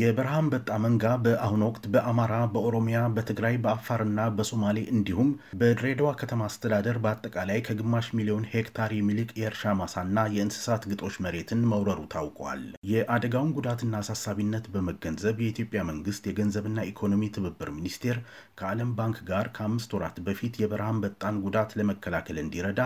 የበረሃ አንበጣ መንጋ በአሁኑ ወቅት በአማራ፣ በኦሮሚያ፣ በትግራይ፣ በአፋርና በሶማሌ እንዲሁም በድሬዳዋ ከተማ አስተዳደር በአጠቃላይ ከግማሽ ሚሊዮን ሄክታር የሚልቅ የእርሻ ማሳና የእንስሳት ግጦሽ መሬትን መውረሩ ታውቋል። የአደጋውን ጉዳትና አሳሳቢነት በመገንዘብ የኢትዮጵያ መንግስት የገንዘብና ኢኮኖሚ ትብብር ሚኒስቴር ከዓለም ባንክ ጋር ከአምስት ወራት በፊት የበረሃ አንበጣን ጉዳት ለመከላከል እንዲረዳ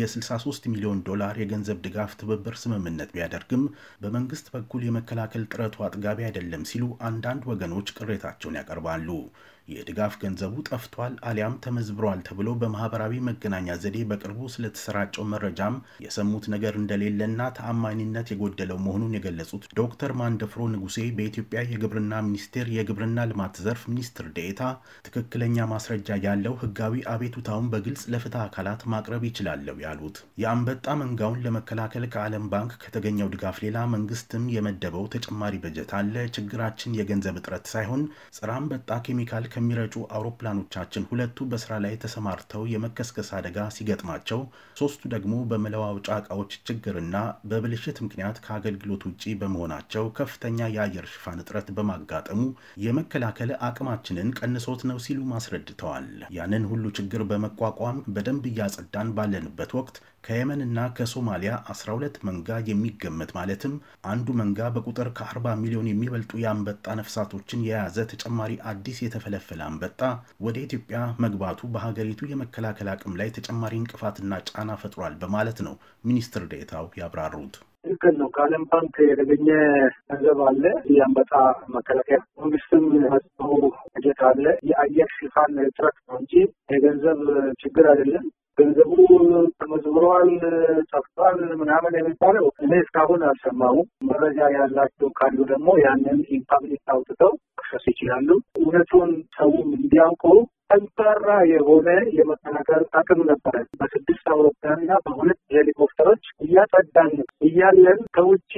የ63 ሚሊዮን ዶላር የገንዘብ ድጋፍ ትብብር ስምምነት ቢያደርግም በመንግስት በኩል የመከላከል ጥረቱ አጥጋቢ አይደለም አይደለም ሲሉ አንዳንድ ወገኖች ቅሬታቸውን ያቀርባሉ። የድጋፍ ገንዘቡ ጠፍቷል አሊያም ተመዝብሯል ተብሎ በማህበራዊ መገናኛ ዘዴ በቅርቡ ስለተሰራጨው መረጃም የሰሙት ነገር እንደሌለና ተአማኒነት የጎደለው መሆኑን የገለጹት ዶክተር ማንደፍሮ ንጉሴ በኢትዮጵያ የግብርና ሚኒስቴር የግብርና ልማት ዘርፍ ሚኒስትር ዴኤታ ትክክለኛ ማስረጃ ያለው ህጋዊ አቤቱታውን በግልጽ ለፍትህ አካላት ማቅረብ ይችላለው ያሉት የአንበጣ መንጋውን ለመከላከል ከዓለም ባንክ ከተገኘው ድጋፍ ሌላ መንግስትም የመደበው ተጨማሪ በጀት አለ። ችግራችን የገንዘብ እጥረት ሳይሆን ጸረ አንበጣ ኬሚካል ከሚረጩ አውሮፕላኖቻችን ሁለቱ በስራ ላይ ተሰማርተው የመከስከስ አደጋ ሲገጥማቸው፣ ሶስቱ ደግሞ በመለዋወጫ እቃዎች ችግርና በብልሽት ምክንያት ከአገልግሎት ውጪ በመሆናቸው ከፍተኛ የአየር ሽፋን እጥረት በማጋጠሙ የመከላከል አቅማችንን ቀንሶት ነው ሲሉ አስረድተዋል። ያንን ሁሉ ችግር በመቋቋም በደንብ እያጸዳን ባለንበት ወቅት ከየመንና ከሶማሊያ 12 መንጋ የሚገመት ማለትም አንዱ መንጋ በቁጥር ከ40 ሚሊዮን የሚበልጡ የአንበጣ ነፍሳቶችን የያዘ ተጨማሪ አዲስ የተፈለፈ ያስከፈለ አንበጣ ወደ ኢትዮጵያ መግባቱ በሀገሪቱ የመከላከል አቅም ላይ ተጨማሪ እንቅፋትና ጫና ፈጥሯል በማለት ነው ሚኒስትር ዴታው ያብራሩት። ትክክል ነው። ከዓለም ባንክ የተገኘ ገንዘብ አለ። የአንበጣ መከላከያ መንግስትም ያወጣው በጀት አለ። የአየር ሽፋን እጥረት ነው እንጂ የገንዘብ ችግር አይደለም። ገንዘቡ ተመዝብሯል፣ ጠፍቷል፣ ምናምን የሚባለው እኔ እስካሁን አልሰማሁም። መረጃ ያላቸው ካሉ ደግሞ ያንን ኢንፓብሊክ አውጥተው መቆሸሽ ይችላሉ። እውነቱን ሰውም እንዲያውቀው ጠንካራ የሆነ የመከላከል አቅም ነበረ። በስድስት አውሮፕላንና በሁለት ሄሊኮፕተሮች እያጸዳን እያለን ከውጭ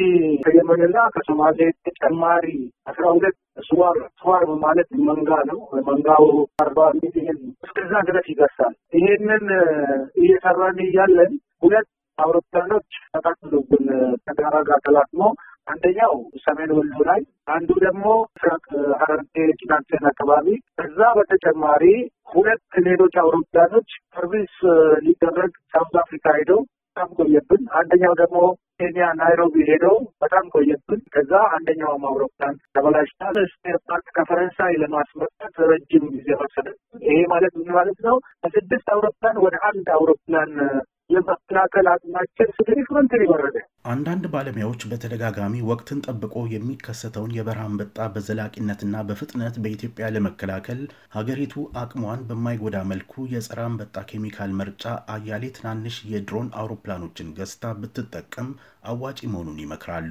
ከየመንና ከሶማሌ ተጨማሪ አስራ ሁለት ስዋር ስዋር ማለት መንጋ ነው። መንጋው አርባ ሚሊየን እስከዛ ድረስ ይደርሳል። ይሄንን እየሰራን እያለን ሁለት አውሮፕላኖች ተቃጥሎብን ተጋራ ጋር አንደኛው ሰሜን ወሎ ላይ፣ አንዱ ደግሞ ምስራቅ ሐረርጌ ኪዳንቴን አካባቢ። ከዛ በተጨማሪ ሁለት ሌሎች አውሮፕላኖች ሰርቪስ ሊደረግ ሳውዝ አፍሪካ ሄደው በጣም ቆየብን። አንደኛው ደግሞ ኬንያ ናይሮቢ ሄደው በጣም ቆየብን። ከዛ አንደኛውም አውሮፕላን ተበላሽቷል። ስፔር ፓርት ከፈረንሳይ ለማስመጣት ረጅም ጊዜ ወሰደ። ይሄ ማለት ምን ማለት ነው? ከስድስት አውሮፕላን ወደ አንድ አውሮፕላን የመከላከል አቅማችን ሲግኒፊካንት ወረደ። አንዳንድ ባለሙያዎች በተደጋጋሚ ወቅትን ጠብቆ የሚከሰተውን የበረሃ አንበጣ በዘላቂነትና በፍጥነት በኢትዮጵያ ለመከላከል ሀገሪቱ አቅሟን በማይጎዳ መልኩ የጸረ አንበጣ ኬሚካል መርጫ አያሌ ትናንሽ የድሮን አውሮፕላኖችን ገዝታ ብትጠቀም አዋጪ መሆኑን ይመክራሉ።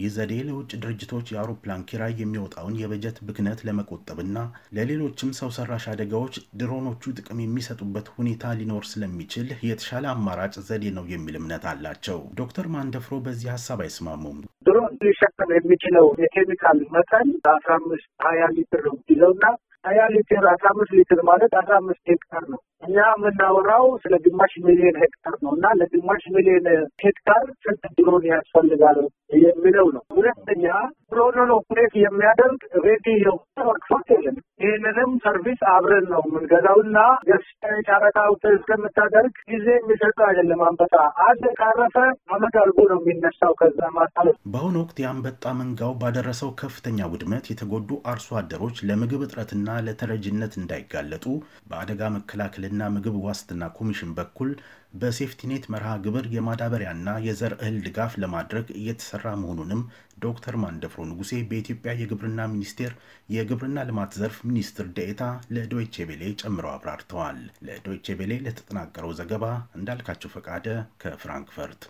ይህ ዘዴ ለውጭ ድርጅቶች የአውሮፕላን ኪራይ የሚወጣውን የበጀት ብክነት ለመቆጠብና ለሌሎችም ሰው ሰራሽ አደጋዎች ድሮኖቹ ጥቅም የሚሰጡበት ሁኔታ ሊኖር ስለሚችል የተሻለ አማራጭ ዘዴ ነው የሚል እምነት አላቸው። ዶክተር ማንደፍሮ ወትሮ በዚህ ሀሳብ አይስማሙም። ድሮን ሊሸፈን የሚችለው የኬሚካል መጠን አስራ አምስት ሀያ ሊትር ነው ይዘውና ሀያ ሊትር አስራ አምስት ሊትር ማለት አስራ አምስት ሄክታር ነው። እኛ የምናወራው ስለ ግማሽ ሚሊዮን ሄክታር ነው እና ለግማሽ ሚሊዮን ሄክታር ስንት ድሮን ያስፈልጋል የሚለው ነው። ሁለተኛ ድሮኑን ኦፕሬት የሚያደርግ ሬዲ የሆነ ወርክፎርስ የለም። ይህንንም ሰርቪስ አብረን ነው የምንገዛውና ገስታዊ ጨረታ እስከምታደርግ ጊዜ የሚሰጡ አይደለም። አንበጣ አንድ ካረፈ አመት አልፎ ነው የሚነሳው። ከዛ ማለት በአሁኑ ወቅት የአንበጣ መንጋው ባደረሰው ከፍተኛ ውድመት የተጎዱ አርሶ አደሮች ለምግብ እጥረትና ለተረጅነት እንዳይጋለጡ በአደጋ መከላከልና ምግብ ዋስትና ኮሚሽን በኩል በሴፍቲኔት መርሃ ግብር የማዳበሪያና የዘር እህል ድጋፍ ለማድረግ እየተሰራ መሆኑንም ዶክተር ማንደፍሮ ንጉሴ በኢትዮጵያ የግብርና ሚኒስቴር የግብርና ልማት ዘርፍ ሚኒስትር ደኤታ ለዶይቼ ቤሌ ጨምረው አብራርተዋል። ለዶይቼ ለተጠናቀረው ዘገባ እንዳልካቸው ፈቃደ ከፍራንክፈርት